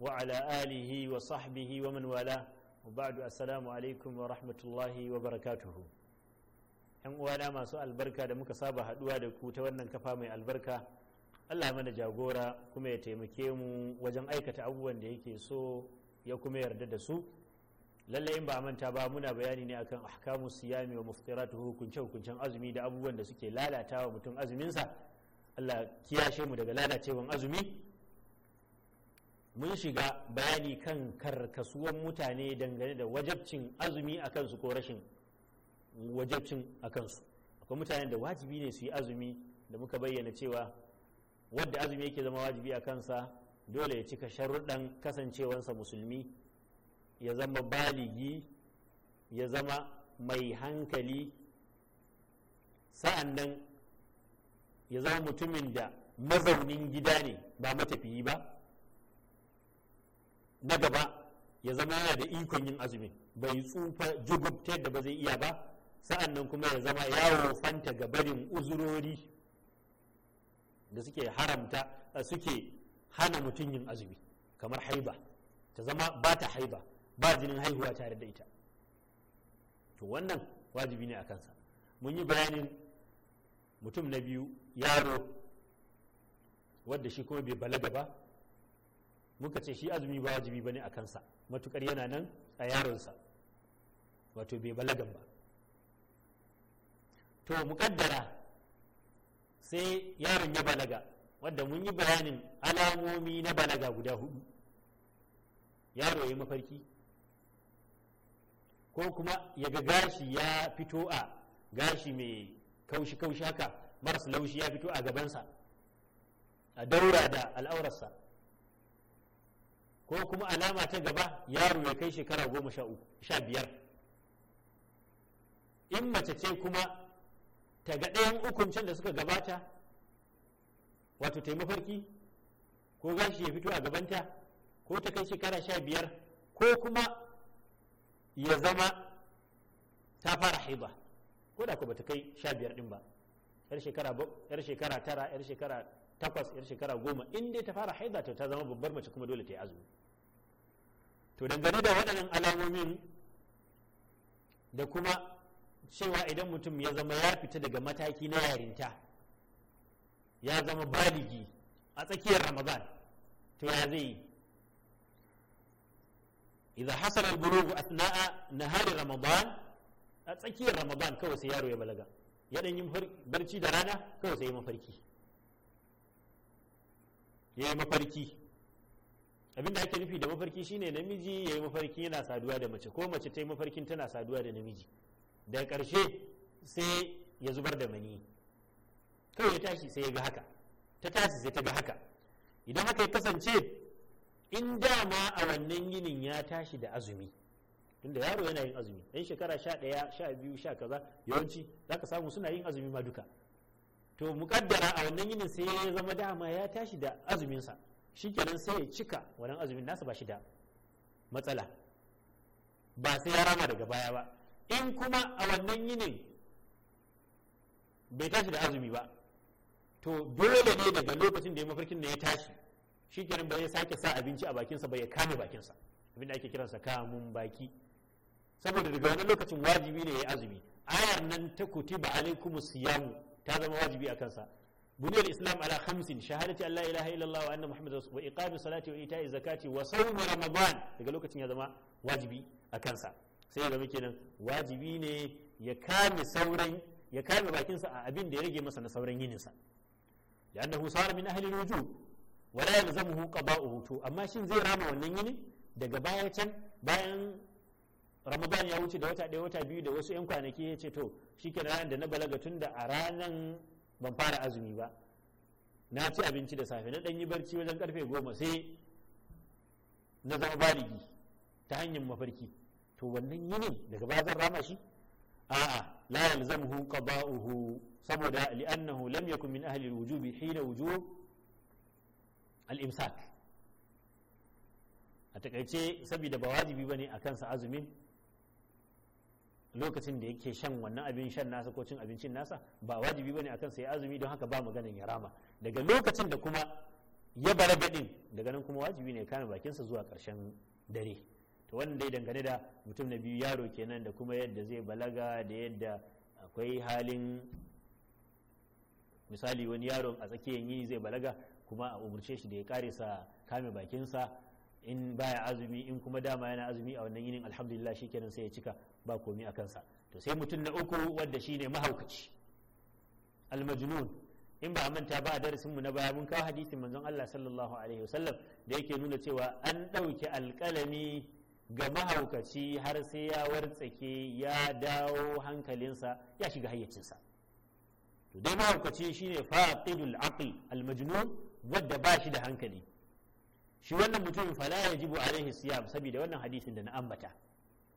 وعلى آله وصحبه ومن والاه وبعد السلام عليكم ورحمة الله وبركاته ‘yan uwana masu albarka da muka saba haɗuwa da ku ta wannan kafa mai albarka allah mana jagora kuma ya taimake mu wajen aikata abubuwan da yake so ya kuma yarda da su lallai in ba a manta ba muna bayani ne akan ahkamu siyami wa muftiratu hukunce hukuncen azumi da abubuwan da suke lalata wa mutum azuminsa allah kiyashe mu daga lalacewan azumi mun shiga bayani kan karkasuwan mutane dangane da wajabcin azumi a kansu ko rashin wajabcin a kansu akwai mutane da wajibi ne su yi azumi da muka bayyana cewa wadda azumi yake zama wajibi a kansa dole ya cika sharuɗan kasancewansa musulmi ya zama baligi ya zama mai hankali sa'an nan ya zama mutumin da mazaunin gida ne ba matafiyi ba na gaba ya zama yana da ikon yin azumi bai tsufa jugub ta yadda ba zai iya ba sa'an nan kuma ya zama yawo fanta ga barin uzurori da suke haramta suke hana mutum yin azumi kamar haiba ta zama ba ta haiba ba jinin haihuwa tare da ita to wannan wajibi ne a kansa mun yi bayanin mutum na biyu yaro wadda shi kuma bai balaga ba muka ce shi azumi ba wajibi ba ne a kansa matukar yana nan a yaronsa wato bai balagan ba to muƙaddara sai yaron ya balaga wadda mun yi bayanin alamomi na balaga guda hudu yaro ya mafarki ko kuma ya ga gashi ya fito a gashi mai kaushi-kaushi haka marasa laushi ya fito a gabansa a daura da al'aurarsa ko kuma alama ta gaba yaro ya kai shekara goma sha biyar in mace ce kuma ta ga ɗayan hukuncin da suka gabata wato ta yi mafarki ko gashi ya fito a gabanta ko ta kai shekara sha biyar ko kuma ya zama ta fara haiba ko da ku ba ta kai sha biyar ɗin ba yar shekara tara yar shekara takwas yar shekara goma in dai ta fara haiba ta zama babbar mace kuma dole ta yi azumi to dangane da waɗannan alamomin da kuma cewa idan mutum ya zama ya fita daga mataki na yarinta ya zama baligi a tsakiyar ramadan to ya zai yi idan hasar a asna'a na hari ramadan a tsakiyar ramadan kawai sai yaro ya balaga ya ɗan yi barci da rana kawai sai ya mafarki ya yi mafarki abin da ake nufi da mafarki shine namiji ya yi mafarki yana saduwa da mace ko mace ta yi mafarkin tana saduwa da namiji daga ƙarshe sai ya zubar da mani kawai ya tashi sai ya ga haka ta tashi sai ta ga haka idan haka ya kasance in dama a wannan yinin ya tashi da azumi tunda yaro yana yin azumi ɗan shekara sha ɗaya sha biyu sha kaza yawanci za ka samu suna yin azumi ma duka to muƙaddara a wannan yinin sai ya zama dama ya tashi da azuminsa shikenan sai ya cika wannan azumin nasa ba shi da matsala ba sai ya rama daga baya ba in kuma a wannan yinin bai tashi da azumi ba to dole ne daga lokacin da ya mafarkin da ya tashi shikenan ba ya sake sa abinci a bakinsa ba ya kame bakinsa da ake kiransa kamun baki saboda daga wani lokacin wajibi ne ya yi azumi ayar nan ta kutiba alaikumus siyamu ta zama wajibi a kansa buniyar islam ala khamsin shahadati an la ilaha illallah wa muhammad wa iqami salati wa ita'i zakati wa sawm daga lokacin ya zama wajibi a kansa sai ya zama kenan wajibi ne ya kame sauran ya kame bakinsa a abin da ya rage masa na sauran yininsa da annahu sara min ahli wujub wa la yalzamuhu qada'uhu to amma shin zai rama wannan yini daga baya can bayan ramadan ya wuce da wata ɗaya wata biyu da wasu 'yan kwanaki ya ce to shi ke ranar da na balaga tun da a ranan ban fara azumi ba na ci abinci da safe na ɗan yi barci wajen karfe goma sai na zama baligi ta hanyar mafarki to wannan yini daga ba zan rama shi a'a la yalzamuhu qada'uhu saboda li'annahu lam yakun min ahli al hina wujub al-imsak a takaice saboda ba wajibi bane akan sa azumin lokacin da yake shan wannan abin shan nasa ko cin abincin nasa ba wajibi bane akan sai azumi don haka ba maganin ya rama daga lokacin da kuma ya bara daɗin daga nan kuma wajibi ne kame bakinsa zuwa karshen dare to wannan dai dangane da mutum na biyu yaro kenan da kuma yadda zai balaga da yadda akwai halin misali wani yaron a tsakiyar yini zai balaga kuma a umurce shi da ya sa kame bakinsa in baya azumi in kuma dama yana azumi a wannan yinin alhamdulillah nan sai ya cika ba komi a kansa to sai mutum na uku wanda shine mahaukaci almajnun in ba manta ba darasin mu na baya mun kawo hadisin manzon Allah sallallahu alaihi wasallam da yake nuna cewa an ɗauki alƙalami ga mahaukaci har sai ya wartsake ya dawo hankalinsa ya shiga hayyacinsa to dai mahaukaci shine faqidul aql almajnun wanda ba shi da hankali shi wannan mutumin fala a alaihi siyam saboda wannan hadisin da na ambata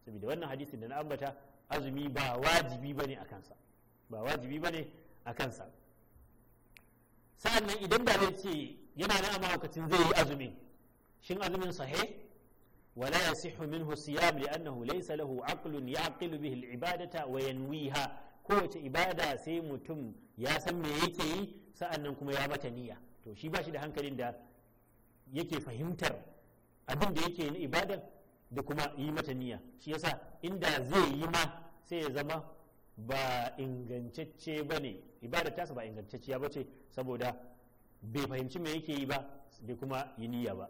saboda wannan hadisin da na ambata azumi ba wajibi ne a kansa ba wajibi ne a kansa sa'annan idan da ce yana nan a mahaukacin zai yi azumin shin azumin sahih wala yasihu minhu siyam li'annahu laysa lahu aqlun ya'qilu bihi al-ibadata wa yanwiha kowace ibada sai mutum ya san me yake yi sa'annan kuma ya mata niyya to shi ba shi da hankalin da yake fahimtar abin da yake na ibadan da kuma yi mata niyya shi yasa inda zai yi ma sai ya zama ba ingantacce ba ne ibadar tasa ba ingantacciya ba ce saboda bai fahimci me yake yi ba bai kuma yi niyya ba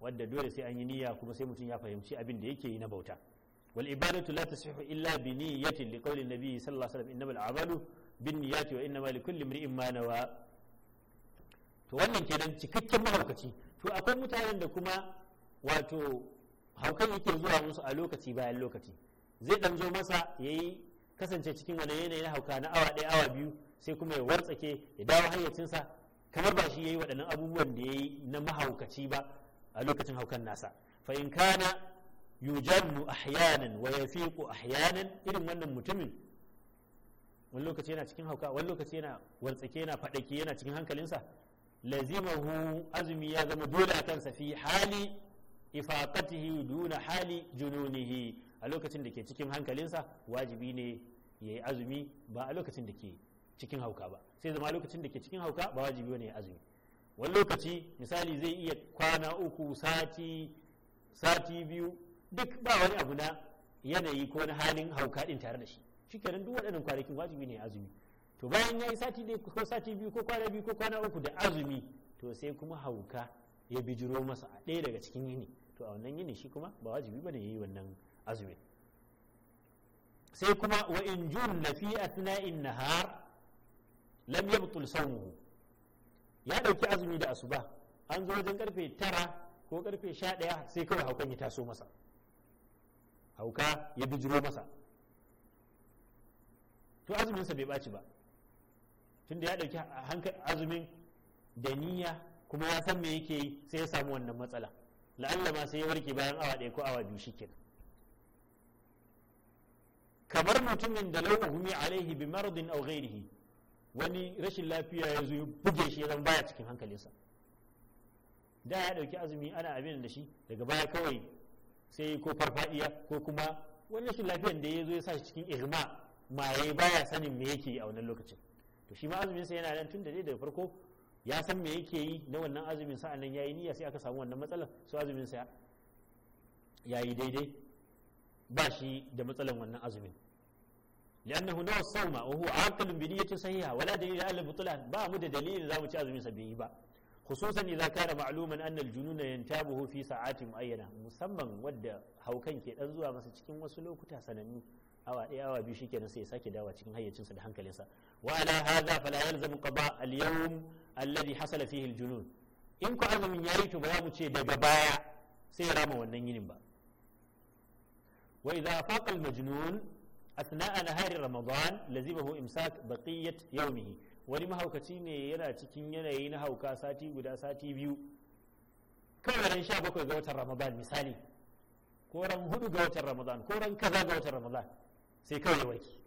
wadda dole sai an yi niyya kuma sai mutum ya fahimci abin da yake yi na bauta wal ibadatu la tasihu illa bi niyyatin li qawli nabi sallallahu alaihi wasallam innamal a'malu bin niyyati wa innamal likulli imrin ma nawa to wannan kenan cikakken mahaukaci to akwai mutanen da kuma wato haukan yake zuwa musu a lokaci bayan lokaci zai dan zo masa yayi kasance cikin wani yanayi na hauka na awa ɗaya awa biyu sai kuma ya wartsake ya dawo hayyacinsa kamar ba shi yayi waɗannan abubuwan da yayi na mahaukaci ba a lokacin haukan nasa fa in kana yujannu ahyanan wa yafiqu ahyanan irin wannan mutumin wani lokaci yana cikin hauka wani lokaci yana wartsake yana faɗaki yana cikin hankalinsa lazimahu azumi ya zama dole akan sa fi hali ifaqatihi duna hali jununihi a lokacin da ke cikin hankalinsa wajibi ne yayi azumi ba a lokacin da ke cikin hauka ba sai zama lokacin da ke cikin hauka ba wajibi ne ya azumi wani lokaci misali zai iya kwana uku sati sati biyu duk ba wani abu na yanayi ko na halin hauka din tare da shi shikenan duk waɗannan kwanakin wajibi ne ya azumi to bayan ya yi sati ɗaya ko sati biyu ko kwana biyu ko kwana uku da azumi to sai kuma hauka ya bijiro masa a ɗaya daga cikin yini to a wannan yini shi kuma ba wajibi bane yi wannan azumin sai kuma wa in junna fi athna'in nahar lam yabtul sawmuhu ya dauki azumi da asuba an zo wajen karfe 9 ko karfe 11 sai kawai haukan ya taso masa hauka ya bijiro masa to azumin sa bai baci ba tunda ya dauki azumin da niyya kuma ya san me yake yi sai ya samu wannan matsala la'alla ma sai ya warke bayan awa ɗaya ko awa biyu shikin kamar mutumin da lau humi alaihi bi maradin aw ghairihi wani rashin lafiya ya zo buge shi zan baya cikin hankalinsa da ya ɗauki azumi ana abin da shi daga baya kawai sai ko farfadiya ko kuma wani rashin lafiyan da ya zo ya sa shi cikin irma maye baya sanin me yake a wannan lokacin to shi ma azumin sa yana nan tun da dai daga farko ya san me yake yi na wannan azumin sa nan yayi niyya sai aka samu wannan matsalar so azumin sa yayi daidai ba shi da matsalar wannan azumin لأنه نوى الصوم وهو عاقل بنية صحيحة ولا دليل على البطلان با ci دليل إذا متى أزمي سبيه با خصوصا إذا كان معلوما أن الجنون ينتابه في ساعات ayyana musamman ود haukan ke كي zuwa masa cikin wasu lokuta sanannu awa daya awa biyu shikenan sai ya sake dawa cikin hayyacin sa da hankalinsa. وعلى هذا فلا يلزم قضاء اليوم الذي حصل فيه الجنون in ku azumin ya yi to ba za mu ce daga baya sai ya rama wannan yinin ba wa idza faqa na majnun asna'a nahari ramadan imsa imsak baqiyat yawmihi wani mahaukaci ne yana cikin yanayi na hauka sati guda sati biyu kawai ran 17 ga watan misali ko ran ga watan ramadan kaza ga watan ramadan sai kawai warki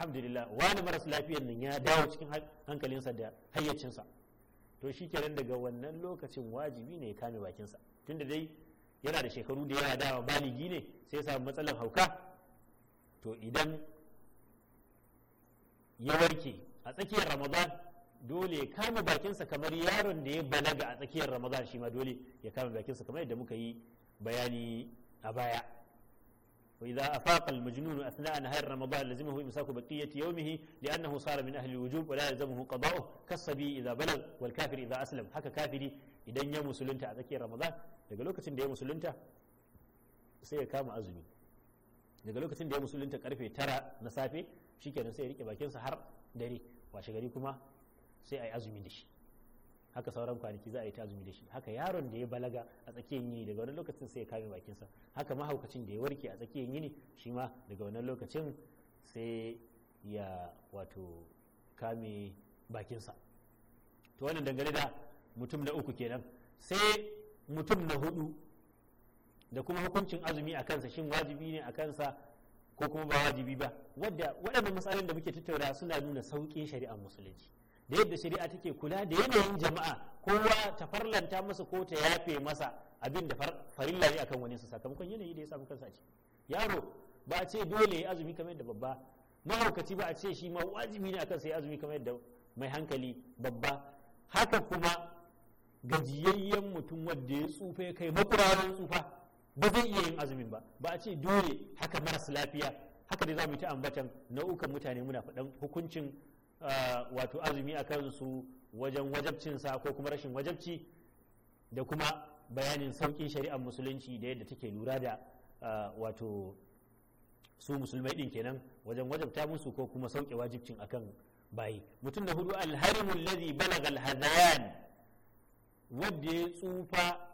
alhamdulillah wani maras lafiyar nan ya dawo cikin hankalinsa da hayyacinsa to shi kenan daga wannan lokacin wajibi ne ya kame bakinsa tunda dai yana da shekaru da yana dawa baligi ne sai ya samu matsalar hauka to idan ya warke a tsakiyar ramadan dole ya kama bakinsa kamar yaron da ya balaga a tsakiyar ramadan shi ma dole ya kama bakinsa kamar yadda muka yi bayani a baya وإذا أفاق المجنون أثناء نهار رمضان لزمه إمساك بقية يومه لأنه صار من أهل الوجوب ولا يلزمه قضاؤه كالصبي إذا بلغ والكافر إذا أسلم حكى كافري إذا يا مسلمتا أذكي رمضان daga lokacin da ya musulunta sai ya kama azumi daga lokacin da ya musulunta karfe tara na safe shikenan sai ya rike bakinsa har dare washe gari kuma sai a yi azumi da shi haka sauran kwanaki za a yi ta azumi da shi haka yaron da ya balaga a tsakiyar yini daga wani lokacin sai ya kame bakinsa haka mahaukacin da ya warke a tsakiyar yini shi ma daga wani lokacin sai ya wato kame bakinsa to wannan dangane da mutum na uku kenan sai mutum na hudu da kuma hukuncin azumi a kansa shin wajibi ne a kansa ko kuma ba wajibi ba wadda waɗannan matsalolin da muke tattauna suna nuna sauƙin shari'ar musulunci da yadda shari'a take kula da yanayin jama'a kowa ta farlanta masa ko ta yafe masa abin da farilla ne akan wani su sakamakon yanayi da ya samu kansa ciki yaro ba a ce dole ya azumi kamar yadda babba mahaukaci ba a ce shi ma wajibi ne akan sai azumi kamar yadda mai hankali babba haka kuma gajiyayyen mutum wanda ya tsufa ya kai makurawan tsufa ba zai iya yin azumin ba ba a ce dole haka maras lafiya haka dai za mu yi ta ambatan nau'ukan mutane muna faɗan hukuncin wato azumi a kansu wajen wajabcinsa ko kuma rashin wajabci da kuma bayanin sauƙin shari'ar musulunci da yadda take lura da wato su musulmai din kenan wajen wajabta musu ko kuma sauƙe wajibcin akan bayi mutum da hudu alharimun lazi balaga alhazayan wanda ya tsufa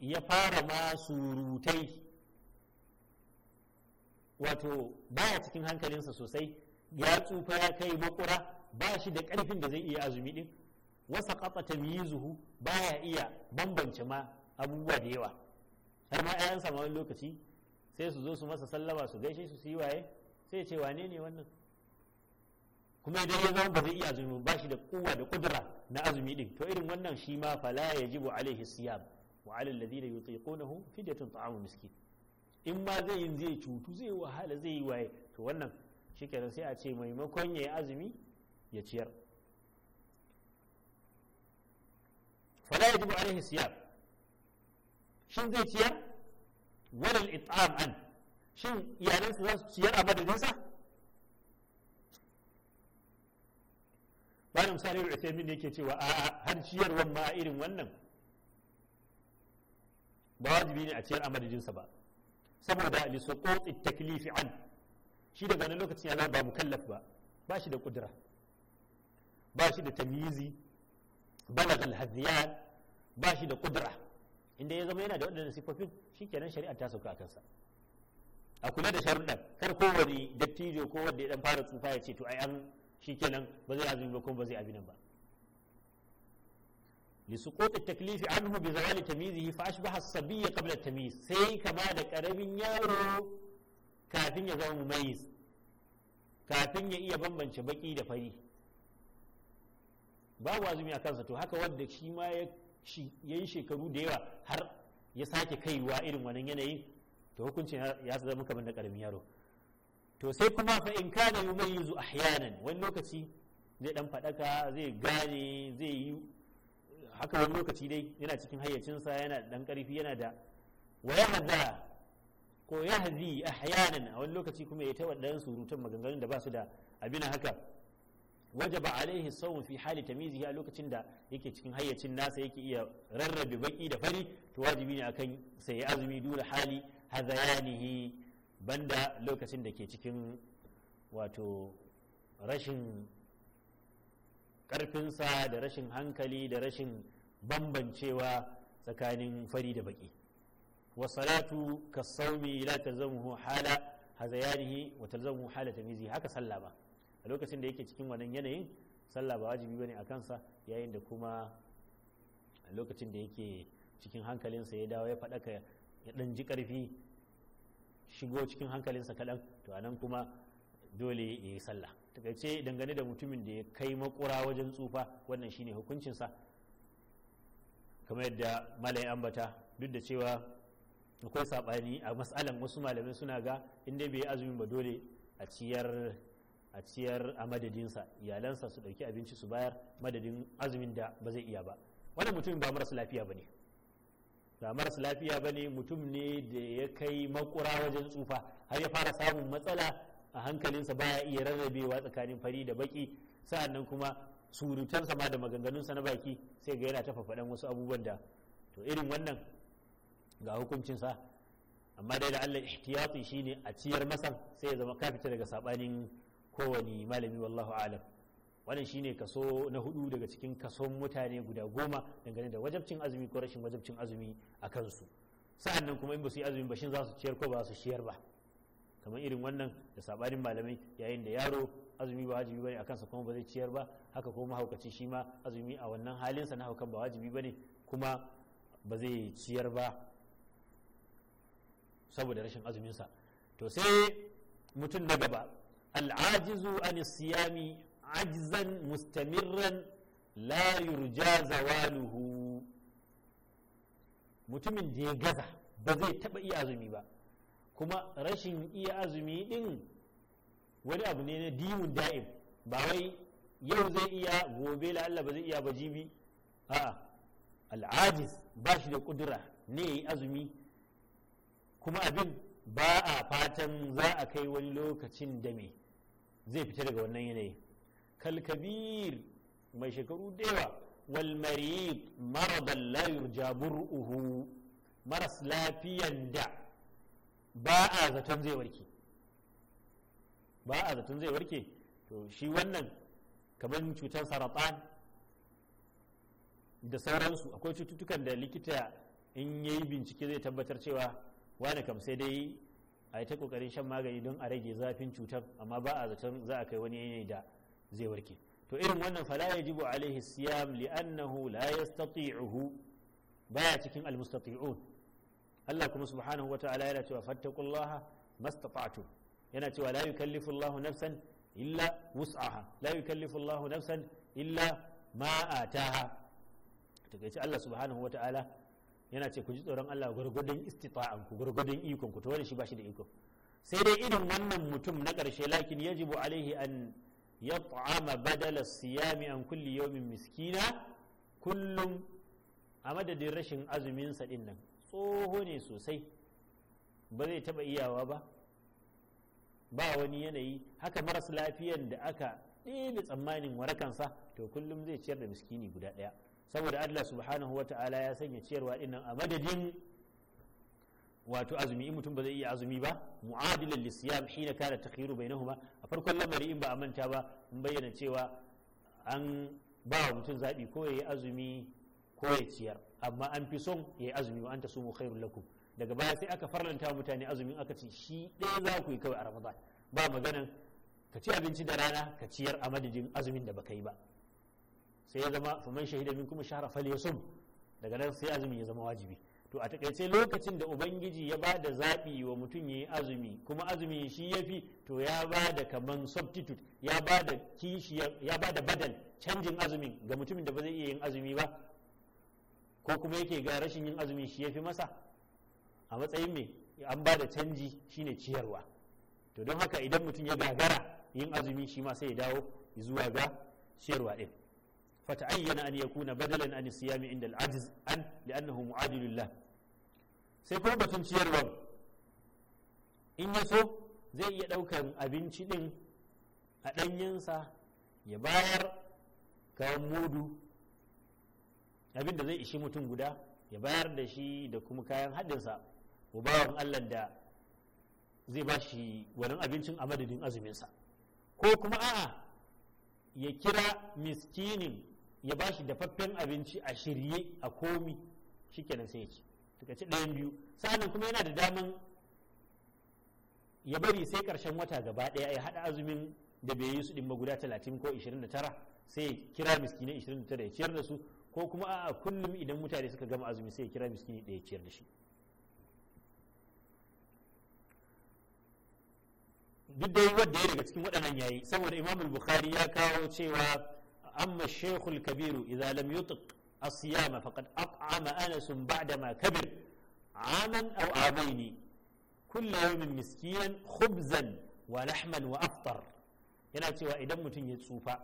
ya fara ma surutai wato baya cikin hankalinsa sosai ya tsufa ya kai makura ba shi da ƙarfin da zai iya azumi din wasa kafa ba ya iya bambance ma abubuwa da yawa har ma 'ya'yan sa wani lokaci sai su zo su masa sallama su gaishe su su yi waye sai ce wane ne wannan kuma idan ya zama ba zai iya azumi ba shi da kuwa da kudura na azumi ɗin to irin wannan shi ma fala yajibu alaihi siyam wa ala alladhina yutiqunahu fidyatun ta'amu miskin in ma zai yin zai cutu zai wahala zai yi waye to wannan shikenan sai a ce maimakon ya yi azumi ya ciyar fala jibu alaihi siyar shin zai ciyar wani an shin iyalansa za su ciyar a madadinsa bayan misali da sai min yake cewa a har ciyarwan ma irin wannan ba wajibi ne a ciyar a madadinsa ba saboda li suqut an shi daga nan lokacin ya zama ba mukallaf ba ba shi da kudura ba shi da tamizi balaga al ba shi da kudura inda ya zama yana da waɗannan sifofin shikenan shari'a ta sauka kansa a kula da sharuɗan kar wani dattijo ko wanda ya dan fara tsufa ya ce to ai an shikenan ba zai azumi ba kuma ba zai abi nan ba لسقوط التكليف عنه بزوال تمييزه فأشبه الصبي قبل التمييز سي كما دا zama يارو كافين يزوم مميز كافين يئي بمبن شبكي دا فري babu azumi a kansa to haka wanda shi ma ya yi shekaru da yawa har ya sake kaiwa irin wannan yanayi to hukuncin ya zama kamar da karamin yaro to sai kuma fa in kana yumayizu ahyanan wani lokaci zai dan fadaka zai gane zai yi haka wani lokaci dai yana cikin hayyacinsa yana dan karfi yana da wa yahda ko yahzi ahyanan a wani lokaci kuma ya ta wadannan surutan maganganun da ba su da abin haka wajaba alaihi sawm fi hali tamizihi a lokacin da yake cikin hayyacin nasa yake iya rarrabe baki da fari to wajibi ne akan sai azumi dole hali hazayanihi banda lokacin da ke cikin wato rashin karfinsa da rashin hankali da rashin bambancewa tsakanin fari da baki wasalatu kasaumi la talzamuhu hala hazayanihi wa talzamuhu hala tamizihi haka sallah ba lokacin da yake cikin wannan yanayin sallah ba wajibi bane a kansa yayin da kuma lokacin da yake cikin hankalinsa ya dawo ya faɗaka ya ɗan ji ƙarfi shigo cikin hankalinsa kaɗan to anan kuma dole ya yi sallah takaice dangane da mutumin da ya kai makura wajen tsufa wannan shine hukuncinsa kamar yadda malai ambata duk da cewa akwai saɓani a matsalan wasu malamai suna ga inda bai yi azumin ba dole a ciyar a ciyar a madadinsa iyalansa su ɗauki abinci su bayar madadin azumin da ba zai iya ba wannan mutum ba marasa lafiya ba ne ba marasa lafiya ba ne mutum ne da ya kai makura wajen tsufa har ya fara samun matsala a hankalinsa baya iya rarrabewa tsakanin fari da baki sa'an nan kuma surutansa ma da maganganunsa na baki sai ga yana tafafa faɗan wasu abubuwan da to irin wannan ga hukuncinsa amma dai da allah ihtiyati shine a ciyar masan sai ya zama ka fita daga saɓanin kowane malami wallahu alam wannan shine kaso na hudu daga cikin kason mutane guda goma dangane da wajabcin azumi ko rashin wajabcin azumi a kansu sa'an nan kuma in ba su yi azumi ba shin za su ciyar ko ba su ciyar ba kamar irin wannan da sabanin malamai yayin da yaro azumi ba wajibi bane akan sa kuma ba zai ciyar ba haka kuma haukaci shi ma azumi a wannan halin sa na haukan ba wajibi bane kuma ba zai ciyar ba saboda rashin azumin sa to sai mutum na gaba al'ajizu an siyami ajzan mustamirran la yurja zawaluhu mutumin da ya gaza ba zai taba iya azumi ba kuma rashin iya azumi din wani abu ne na dimun da'im ba wai yau zai iya gobe la Allah ba zai iya ba jibi a'a Al'ajis ba shi da kudura ne yayi azumi kuma abin ba a fatan za a kai wani lokacin da me zai fita daga wannan yanayi kalkabir mai shekaru dewa. wal marid maradan la yurja bur'uhu maras lafiyan da ba a zaton zai warke ba a zaton zai warke to shi wannan kamar cutar saratan da sauransu akwai cututtukan da likita in yayi bincike zai tabbatar cewa wani kam sai dai a yi ta kokarin shan magani don a rage zafin cutar amma ba a zaton za a kai wani yanayi da zai warke to irin wannan fala jibo alaihi siyam li'annahu la yastati'uhu baya cikin almustati'un Allah kuma subhanahu wata'ala yana cewa fattaqullaha mastata'tum yana cewa la yukallifu Allahu nafsan illa wus'aha la yukallifu Allahu nafsan illa ma ataha to Allah subhanahu wata'ala yana ce ku ji tsoron Allah gwargwadon istita'an ku gwargwadon ikon ku to shi ba shi da iko sai dai irin wannan mutum na karshe lakin yajibu alaihi an yat'ama badala siyami an kulli yawmin miskina kullum a madadin rashin azumin sa din nan tsoho ne sosai ba zai taba iyawa ba ba wani yanayi haka maras lafiyan da aka ɗebe tsammanin warakansa to kullum zai ciyar da miskini guda ɗaya saboda Allah subhanahu wa ta'ala ya sanya ciyarwa dinnan a madadin wato azumi in mutum ba zai iya azumi ba mu'adilan lisiyam hina kana takhiru bainahuma a farkon lamari in ba a manta ba in bayyana cewa an ba wa mutum zaɓi ko ya azumi ko ya ciyar amma an fi son ya yi azumi wa anta sumu khairul lakum daga baya sai aka farlanta mutane azumin aka ce shi ɗaya za ku yi kawai a ramadan ba maganan ka ci abinci da rana ka ciyar a madadin azumin da baka yi ba sai ya zama faman shahida min kuma shahara fal yasum daga nan sai azumi ya zama wajibi to a takaice lokacin da ubangiji ya ba da zaɓi wa mutum ya yi azumi kuma azumi shi ya fi to ya ba da kaman substitute ya ba da kishi ya ba da badal canjin azumin ga mutumin da ba zai iya yin azumi ba ko kuma yake ga rashin yin azumi shi ya fi masa a matsayin me an ba da canji shine ciyarwa to don haka idan mutum ya gagara yin azumi shi ma sai ya dawo zuwa ga ciyarwa ɗin fata'ayyana an yakuna badalan an siyami inda al'ajiz an li'annahu mu'adilullah sai kuma sun ciyar ba in ya so zai iya ɗaukar abinci din a danyen ya bayar ga mudu abinda zai ishi mutum guda ya bayar da shi da kuma kayan haddin sa wa bawan Allah da zai ba shi wannan abincin amadadin azumin sa ko kuma a'a ya kira miskinin ya ba shi dafaffen abinci a shirye a komi shikenan sai ya ci ci ɗayan biyu sa'annan kuma yana da daman ya bari sai ƙarshen wata gaba ɗaya ya haɗa azumin da bai yi su ɗin guda talatin ko ishirin da tara sai kira miskini ishirin da tara ya ciyar da su ko kuma a kullum idan mutane suka gama azumi sai ya kira miskini ɗaya ya ciyar da shi duk dai wanda ya daga cikin waɗannan yayi saboda imamul bukhari ya kawo cewa أما الشيخ الكبير إذا لم يطق الصيام فقد أطعم أنس بعدما كبر عاما أو عامين كل يوم مسكينا خبزا ولحما وأفطر yana cewa idan mutum ya tsufa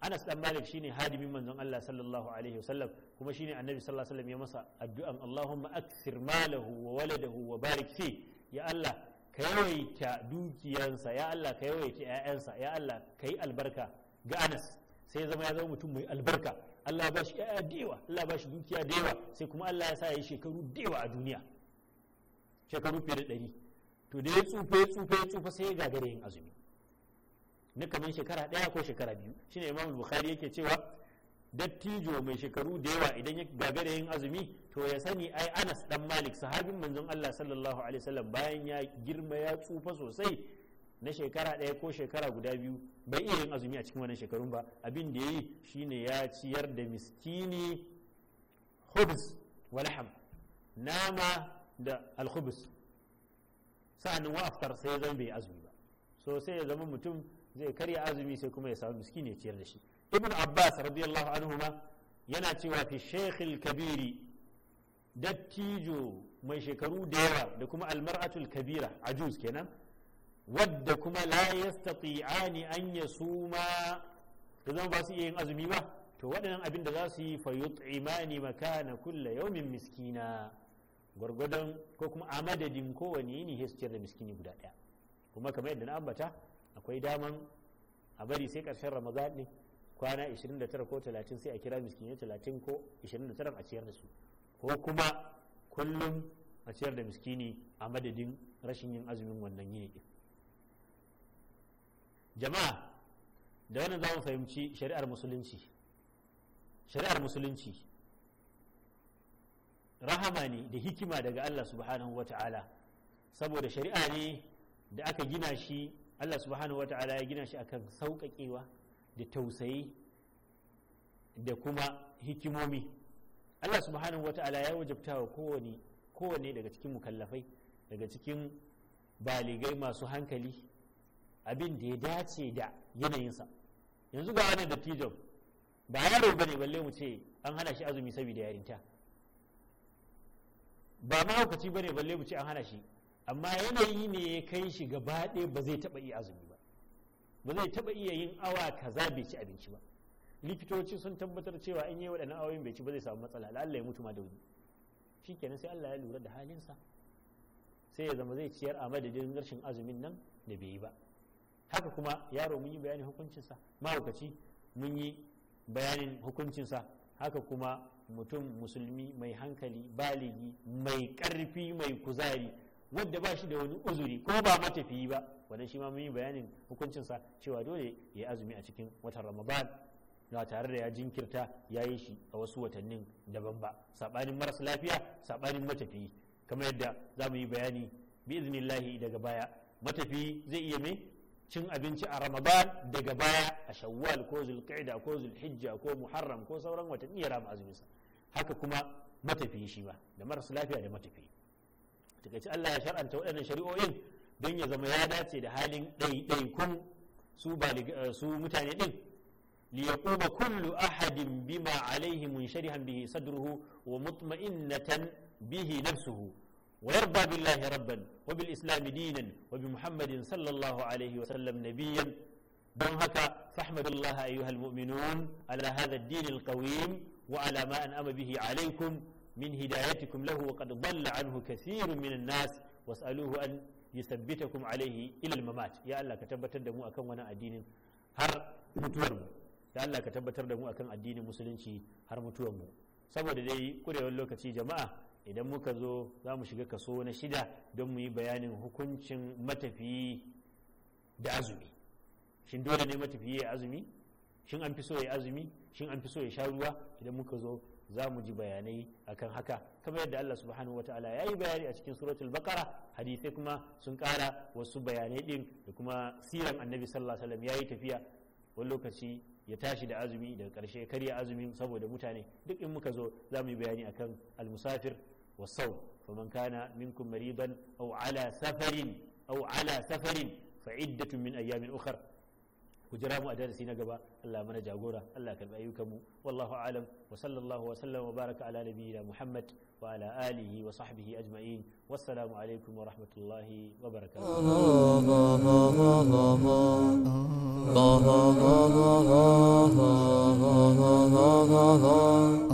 anas ɗan malik shine hadimin manzon Allah sallallahu alaihi wasallam kuma shine annabi sallallahu alaihi wasallam ya masa addu'an Allahumma akthir malahu wa waladahu wa barik fi ya Allah ka yawaita dukiyansa ya Allah ka yawaita ƴaƴansa ya Allah ka yi albarka ga anas sai ya zama ya zama mutum mai albarka Allah ba shi yaya da yawa Allah ba shi dukiya da yawa sai kuma Allah ya sa ya yi shekaru da yawa a duniya shekaru fiye da ɗari to da ya tsufa ya tsufa ya tsufa sai ya gagare yin azumi na kamar shekara ɗaya ko shekara biyu shine Imam Bukhari yake cewa dattijo mai shekaru da yawa idan ya gagare yin azumi to ya sani ai Anas dan Malik sahabin manzon Allah sallallahu alaihi wasallam bayan ya girma ya tsufa sosai na shekara ɗaya ko shekara guda biyu bai iya yin azumi a cikin wannan shekarun ba abin da ya yi shine ya ciyar da miskini hubs walham nama da alhubs sa'annan wa aftar sai zan bai azumi ba so sai ya zama mutum zai karya azumi sai kuma ya samu miskini ya ciyar da shi ibn abbas radiyallahu anhu ma yana cewa fi shekhil kabiri dattijo mai shekaru da yawa da kuma almar'atul kabira ajuz kenan wadda kuma la yastati'ani an yasuma to zan ba su iya yin azumi ba to waɗannan abin da za su yi fa yut'imani makana kulla yawmin miskina gwargwadon ko kuma a madadin kowane yini ya ciyar da miskini guda ɗaya kuma kamar yadda na ambata akwai daman a bari sai ƙarshen ramadan ne kwana 29 ko 30 sai a kira miskini 30 ko 29 a ciyar da su ko kuma kullum a ciyar da miskini a madadin rashin yin azumin wannan yini din jama'a da wannan za mu fahimci shari'ar musulunci shari'ar musulunci rahama ne da hikima daga Allah subhanahu wata'ala saboda shari'a ne da aka gina shi Allah subhanahu wata'ala ya gina shi akan sauƙaƙewa da tausayi da kuma hikimomi Allah subhanahu wata'ala ya wajabta wa kowane kowane daga cikin mukallafai daga cikin baligai masu hankali abin da ya dace da yanayinsa yanzu ga wani dattijo ba yaro ba ne balle mu ce an hana shi azumi saboda yarinta ba mahaukaci ba ne balle mu ce an hana shi amma yanayi ne ya kai shi gaba ɗaya ba zai taɓa iya azumi ba ba zai taɓa iya yin awa kaza bai ci abinci ba likitoci sun tabbatar cewa in yi waɗannan awoyin bai ci ba zai samu matsala Allah ya mutu ma da wuri shikenan sai Allah ya lura da halinsa sai ya zama zai ciyar a madadin rashin azumin nan da bai yi ba haka kuma yaro mun yi bayanin hukuncinsa mahaukaci mun yi bayanin hukuncinsa haka kuma mutum musulmi mai hankali baligi mai karfi mai kuzari wadda ba shi da wani uzuri ko ba matafiyi ba wadda shi ma mun yi bayanin hukuncinsa cewa dole ya yi azumi a cikin watan ramadan na tare da ya jinkirta ya yi shi a wasu watannin daban ba saɓanin marasa lafiya saɓanin matafiyi kamar yadda za mu yi bayani bi iznillahi daga baya matafiyi zai iya mai cin abinci a ramadan daga baya a shawwal ko zulqa'ida ko zulhijja ko muharram ko sauran watanni ya rama azumin haka kuma matafiyi shi ba da marasa lafiya da matafiyi takaici Allah ya shar'anta waɗannan shari'o'in don ya zama ya dace da halin ɗaiɗaikun su eh, su mutane ɗin liyaquma kullu ahadin bima alaihi sharihan bihi sadruhu wa mutma'innatan bihi nafsuhu ويرضى بالله ربا وبالإسلام دينا وبمحمد صلى الله عليه وسلم نبيا don haka fahmadullah ayyuhal mu'minun ala hadha ad-din al-qawim wa ala ma an'ama bihi alaykum min hidayatikum lahu wa qad dhalla anhu kathirun min an-nas was'aluhu an yusabbitakum alayhi ila al-mamat ya Allah ka tabbatar da mu akan wannan addinin har mutuwar ya Allah ka tabbatar da mu akan addinin musulunci har mutuwar mu saboda dai kurewar lokaci jama'a idan muka zo za mu shiga kaso na shida don mu yi bayanin hukuncin matafiyi da azumi shin dole ne matafiyi ya azumi shin an fi so ya azumi shin an fi so ya sha ruwa idan muka zo za mu ji bayanai akan haka kamar yadda Allah subhanahu wataala ya yi bayani a cikin suratul baqara hadisai kuma sun kara wasu bayanai din da kuma siran annabi sallallahu alaihi wasallam ya yi tafiya wani lokaci ya tashi da azumi daga karshe karya azumi saboda mutane duk in muka zo za mu yi bayani akan almusafir والصوم فمن كان منكم مريضا أو على سفر أو على سفر فعدة من أيام أخر وجرام أدار نقبا الله من جاغورا الله كرب أيكم والله أعلم وصلى الله وسلم وبارك على نبينا محمد وعلى آله وصحبه أجمعين والسلام عليكم ورحمة الله وبركاته